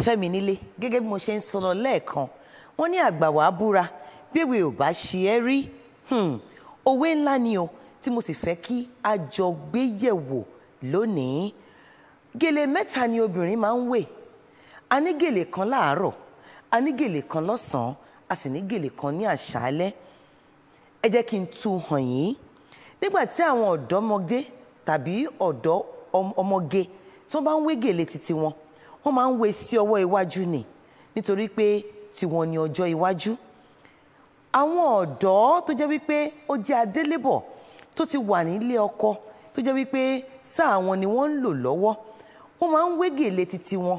fẹ́mi nílé gẹ́gẹ́ bí mo ṣe ń sọ lọ lẹ́ẹ̀kan wọ́n ní àgbà wàá búra bíwèé ò bá ṣe é rí hmm, òwe ńlá ni o tí mo sì fẹ́ kí a jọ gbé yẹ̀wò lónìí gèlè mẹ́ta ni obìnrin máa ń wè a ní gèlè kan láàárọ̀ a ní gèlè kan lọ́sàn a sì ní gèlè kan ní àṣálẹ́ ẹ jẹ́ kí n tu hàn yín nígbà tí àwọn ọ̀dọ́mọdé tàbí ọ̀dọ́ ọmọge tí wọ́n bá ń wé gèlè títí wọn wọ́n máa ń wé sí ọwọ́ iwájú ni nítorí pé tiwọn ni ọjọ́ iwájú àwọn ọ̀dọ́ tó jẹ́ wípé ó jẹ́ adélébọ̀ tó ti wà nílé ọkọ tó jẹ́ wípé sáà wọn ni wọ́n ń lò lọ́wọ́ wọ́n máa ń wé gèlè títí wọn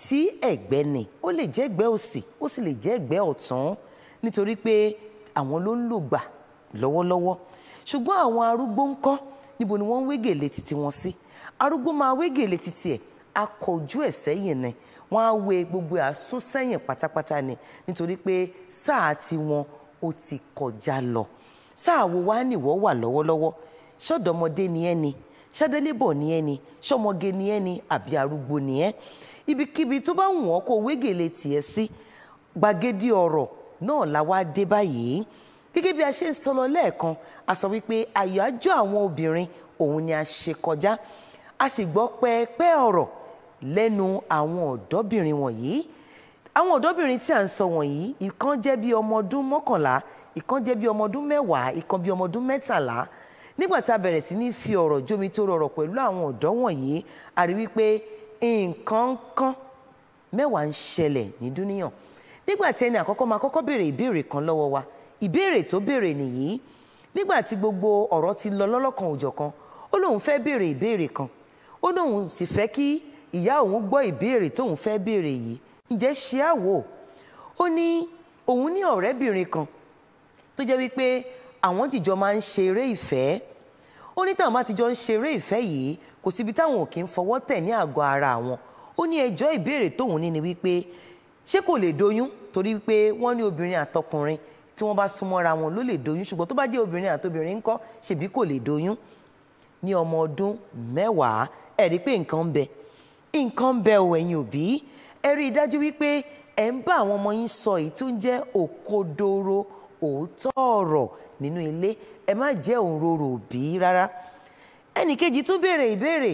sí ẹ̀gbẹ́ ni ó lè jẹ́ ẹ̀gbẹ́ òsì ó sì lè jẹ́ ẹ̀gbẹ́ ọ̀tún nítorí pé àwọn ló ń lò gbà lọ́wọ́lọ́wọ́ ṣùgbọ́n àwọn arúgbó ńkọ́ níbo ni wọ́n ń wé gèlè títí wọn sí arúgbó máa wé títí ẹ̀ akọ ojú ẹ̀ sẹ́yìn ni wọ́n á wé gbogbo àsún sẹ́yìn pátápátá ni nítorí pé sáà tí wọn ó ti kọjá lọ sáà wo wá nìwọ́ wà lọ́wọ́lọ́wọ́ ṣọ́dọ̀mọdé ni ẹ́ ni ṣadélébọ̀ ni ẹ́ ni ṣọ́mọge ni ẹ́ ni àbí arúgbó ni ẹ́ ibikíbi tó bá wù ọ́ kó wégele tiẹ̀ sí gbàgede ọ̀rọ̀ náà la wá dé báyìí gẹ́gẹ́ bí a ṣe ń sọ lọ lẹ́ẹ̀kan a sọ wípé àyájọ́ àwọn obìnrin òun ni a ṣe kọjá a sì gbọ́ pẹ́ẹ́pẹ́ ọ̀rọ̀ lẹ́nu àwọn ọ̀dọ́bìnrin wọ̀nyí àwọn ọ̀dọ́bìnrin tí à ń sọ wọ̀nyí ìkan jẹ́ bí ọmọ ọdún mọ́kànlá ìkan jẹ́ bí ọmọ ọdún mẹ́wàá ìkan bí ọmọ ọdún mẹ́tàlá nígbà tá a bẹ̀rẹ̀ sí ní fi ọ̀rọ̀ jómi tó rọrọ̀ pẹ̀lú àwọn ọ̀dọ́ wọ̀nyí a rí wípé nǹkan kan mẹ́wàá ń ṣẹlẹ̀ ní dúníyàn nígbà tí ẹni àkọ́kọ́ máa kọ́kọ́ béèrè ìbéèrè kan lọ́wọ́ wa ìbéèrè tó béèrè nìyí nígbà tí gbogbo ọ̀rọ̀ ti lọ lọ́lọ́kan òjọ̀kan ó lóun fẹ́ béèrè ìbéèrè kan ó lóun sì fẹ́ kí ìyá òun gbọ́ ìbéèrè tóun fẹ́ béèrè yìí ǹjẹ́ ṣe á wò ó ní òun ní ọ̀rẹ́bìnrin kan tó jẹ́ wípé àwọn jìjọ máa ń ṣeré ìfẹ́ ó ní táwọn bá ti jọ ń ṣeré ìfẹ́ yìí kò síbi táwọn ò kí ń fọwọ́ tẹ̀ ní àgọ́ ara àwọn ó ní ẹjọ́ ìbéèrè tóun ní ni wípé ṣé kò lè doyún torí wípé wọ́n ní obìnrin àtọkùnrin tí wọ́n bá súnmọ́ra wọn ló lè doyún ṣùgbọ́n tó bá jẹ́ obìnrin àtobìnrin ńkọ́ ṣèbí kò lè doyún ní ọmọ ọdún mẹ́wàá ẹ̀rí pé nǹkan ń bẹ nǹkan ń bẹ òwò ẹ̀yin òbí ẹ rí i dájú wípé ẹ ń bá àwọn ọmọ yín sọ èyí tó ń jẹ́ òkodoro òótọ́ ọ̀rọ̀ nínú ilé ẹ má jẹ́ òǹrorò òbí rárá ẹnì kejì tún béèrè ìbéèrè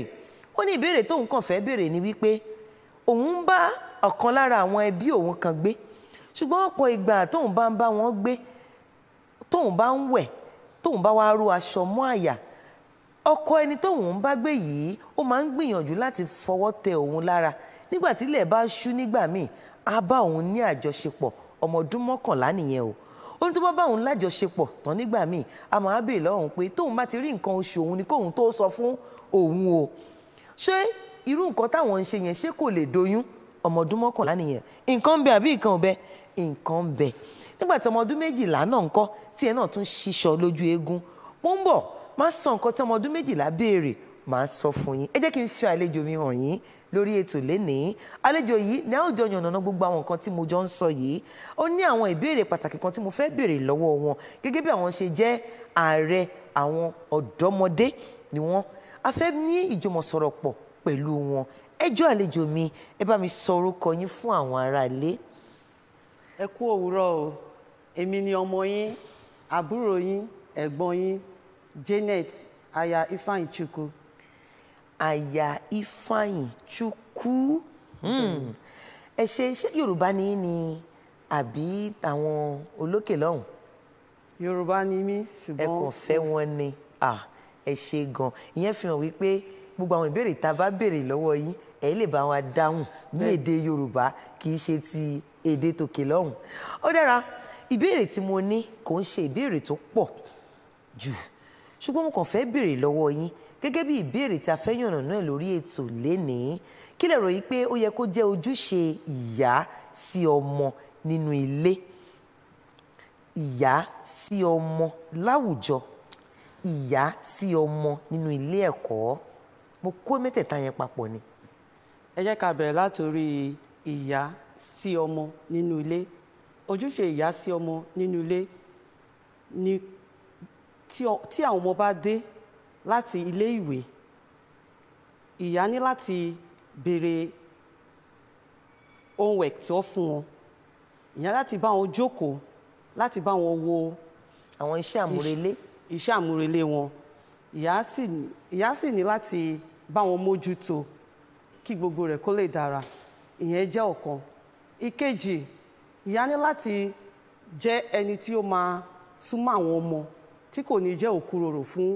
ó ní ìbéèrè tóun kàn fẹ́ béèrè ni wípé òun ń bá ọ̀kan lára àwọn ẹbí òun kan gbé ṣùgbọ́n ọ̀pọ̀ ìgbà tóun bá ń bá wọn gbé tóun bá ń wẹ̀ tóun bá wá ró aṣọ mọ́ àyà ọkọ ẹni tóun bá gbé yìí ó máa ń gbìyànjú láti fọwọ́ tẹ òun lára nígbà tí ilẹ̀ bá ṣú nígbà míì á bá òun ní àjọṣepọ̀ ọmọ ọdún mọ́kànlá nìyẹn o ó ní tó bá bá òun lájọṣepọ̀ tán nígbà míì a máa bèè lọ́hùn pé tóun bá ti rí nǹkan oṣù òun ni kóun tó sọ fún òun o ṣé irú nǹkan táwọn ń ṣe yẹn ṣé kò lè doyún ọmọ ọdún mọ́kànlá nìyẹn nǹkan ń bẹ àbí nǹkan ò bẹ nǹkan ń bẹ nígbà tí ọmọ ọdún méjìlá náà ń kọ́ tí ẹ náà tún ṣíṣọ lójú eegun mo ń bọ̀ má sọ nǹkan tí ọmọ ọdún méjìlá béèrè máa sọ fún yín ẹ jẹ́ kí n fi àlejò mi hàn yín lórí ètò lénìí àlejò yìí ní àwùjọ yànnàná gbogbo àwọn nǹkan tí mo jọ ń sọ yìí ó ní àwọn ìbéèrè pàtàkì kan tí mo fẹ́ béèrè lọ́wọ́ wọn gẹ́gẹ́ bí àwọn ṣe jẹ́ ààrẹ àwọn ọ̀dọ́mọdé ni wọ́n a fẹ́ ní ìjùmọ̀sọ̀rọ̀pọ̀ pẹ̀lú wọn ẹjọ́ àlejò mi ẹ bá mi sọ orúkọ yín fún àwọn aráalé. ẹ kú òwúrọ̀ o èmi ni ọmọ yín àbúrò yín ẹ̀gbọ́n yín Janet aya Ifeanyi Chukwu. aya Ifeanyi Chukwu hmm. ẹ ṣe ṣé Yorùbá ni yín ni àbí àwọn olókè lọ́hùn. Yorùbá ni mí ṣùgbọ́n ẹ kàn fẹ́ wọn ni ẹ ṣe gan ìyẹn fi hàn wípé gbogbo àwọn ìbéèrè tá a bá béèrè lọ́wọ́ yín ẹ lè bá wa dáhùn ní èdè Yorùbá kì í ṣe ti èdè tòkè lọ́hùn. ó dára ìbéèrè tí mo ní kò ń ṣe ìbéèrè tó pọ̀ jù ṣùgbọ́n mo kàn fẹ́ béèrè lọ́wọ́ yín gẹ́gẹ́ bí ìbéèrè tí a fẹ́ yànnà náà lórí ètò lénìí kí lè ròyìn pé ó yẹ kó jẹ́ ojúṣe ìyá sí ọmọ nínú ilé ìyá sí ọmọ láwùjọ ìyá sí ọmọ nínú ilé ẹ̀kọ́ mo kó mẹ́tẹ̀ẹ̀ta yẹn papọ̀ ni. ẹ jẹ́ ká bẹ̀rẹ̀ látòrí ìyá sí ọmọ nínú ilé ojúṣe ìyá sí ọmọ nínú ilé ni tí àwọn ọmọ bá dé láti ilé ìwé ìyá ní láti béèrè homework tí ó fún wọn ìyá láti bá wọn jókòó láti bá wọn wo àwọn iṣẹ́ àmúrelé iṣẹ́ àmúrelé wọn ìyá sì ní láti bá wọn mójútó kí gbogbo rẹ̀ kó lè dára ìyẹn jẹ́ ọ̀kan ìkejì ìyá ní láti jẹ́ ẹni tí ó máa súnmọ́ àwọn ọmọ tí kò ní jẹ́ òkúròrò fún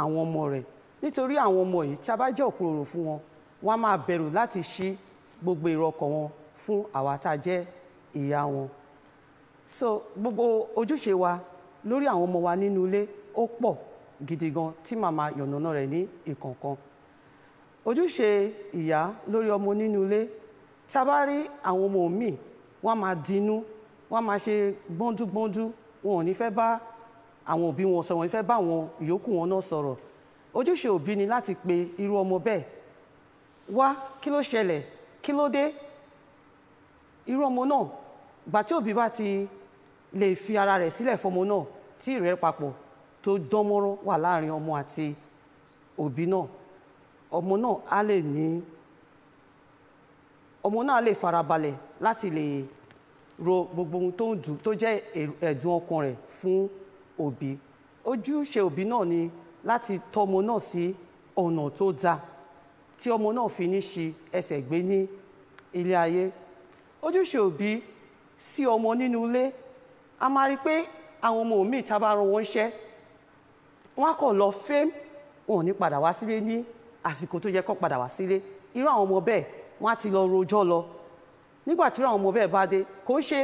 àwọn ọmọ rẹ̀ nítorí àwọn ọmọ yìí tí a bá jẹ́ òkúròrò fún wọn wọn á máa bẹ̀rù láti ṣí gbogbo èrò ọkàn wọn fún àwa tá a jẹ́ ìyá wọn so gbogbo ojúṣe wa lórí àwọn ọmọ wa nínú ilé ó pọ̀ gidi gan tí màmá yànnàná rẹ̀ ní ìkọ̀ọ̀kan ojúṣe ìyá lórí ọmọ nínú ilé tá a bá rí àwọn ọmọ míì wọ́n á máa dinú wọ́n á máa ṣe gbọ́ndúgbọ́ndú wọn ò ní fẹ́ bá àwọn òbí wọn sọ̀rọ̀ ìfẹ́ bá wọn ìyókù wọn náà sọ̀rọ̀ ojúṣe òbí ni láti pe irú ọmọ bẹ́ẹ̀ wá kí ló ṣẹlẹ̀ kí ló dé irú ọmọ náà gbà tí òbí bá ti lè fi ara rẹ̀ sílẹ̀ fọmọ náà tí ìrẹ́ papọ̀ tó dánmọ́rán wà láàrin ọmọ àti òbí náà ọmọ náà á lè ní ọmọ náà lè farabalẹ̀ láti lè ro gbogbo ohun tó ń dùn tó jẹ́ ẹ̀dùn ọkàn rẹ̀ fún òbí ojúṣe òbí náà ni láti tọ́ ọmọ náà sí ọ̀nà tó dáa tí ọmọ náà fi ní ṣe ẹsẹ̀ gbé ní ilé ayé ojúṣe òbí sí ọmọ nínú ilé a máa rí i pé àwọn ọmọ mi ìta bá ran wọn ṣẹ́ wọn á lọ fẹ́ wọn ò ní padà wá sílé ní àsìkò tó yẹ kó padà wá sílé irú àwọn ọmọ bẹ́ẹ̀ wọ́n á ti lọ rojọ́ lọ nígbà tí irú àwọn ọmọ bẹ́ẹ̀ bá dé kò ń ṣe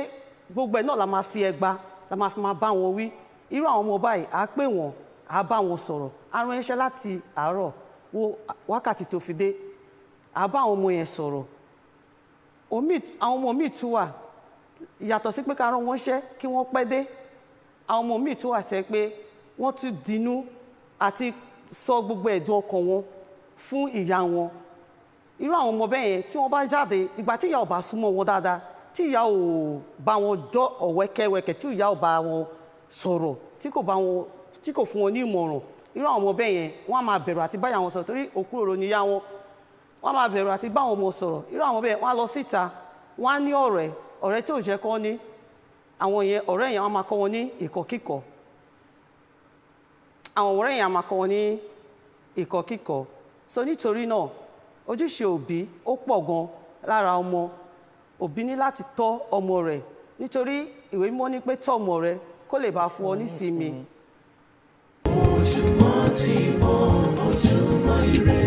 gbogbo ẹ̀ náà la máa fi ẹgba la máa fi máa bá wọn wí irú àwọn ọmọ báyìí á pè wọ́n á bá wọn sọ̀rọ̀ á rán iṣẹ́ láti àárọ̀ wo wákàtí tó fi dé á bá àwọn ọmọ yẹn sọ̀rọ̀ àwọn ọmọ míì tún wà yàtọ̀ sí pé ká rán wọn ṣẹ́ kí wọ́n pẹ́ dé àwọn ọmọ míì tún wà sẹ́ pé wọ́n tún dinú àti sọ gbogbo ẹ̀dùn ọkàn wọn fún ìyá wọn irú àwọn ọmọ bẹ́ẹ̀ yẹn tí wọ́n bá jáde ìgbà tí ìyá ò bá súnmọ́ wọn dáadáa tí ìyá ò bá wọn dọ́ ọ̀wẹ́kẹ́wẹ́kẹ́ tí ìyá ò bá wọn sọ̀rọ̀ tí kò bá wọn tí kò fún wọn ní ìmọ̀ràn irú àwọn ọmọ bẹ́ẹ̀ yẹn wọ́n á máa bẹ̀rù àti báyà wọn sọ̀rọ̀ torí òkú òrò níyá wọn wọ́n á máa bẹ̀rù àti bá àwọn ọmọ sọ̀rọ̀ irú àwọn bẹ́ẹ̀ wọ́n á lọ síta wọ́n á ní ọ̀rẹ́ ọ̀rẹ́ tó jẹ́ kọ́ ní àwọn yẹn ọ̀rẹ́ yẹn wọ́n máa kọ́ wọn ní ìkọ̀kíkọ̀ àwọn ọ̀rẹ́ yẹn máa kọ́ wọn ní ìkọ̀kíkọ̀ so nítorí náà ojúṣe òbí ó pọ̀ gan lára ọmọ òbí ní láti tọ́ ọmọ rẹ̀ nítorí ìwé mímọ́ ní pé tọ́ ọmọ rẹ̀ kó lè bá fún ọ nísinmi. ojúmọ́ ti mọ́ ojúmọ́ ire.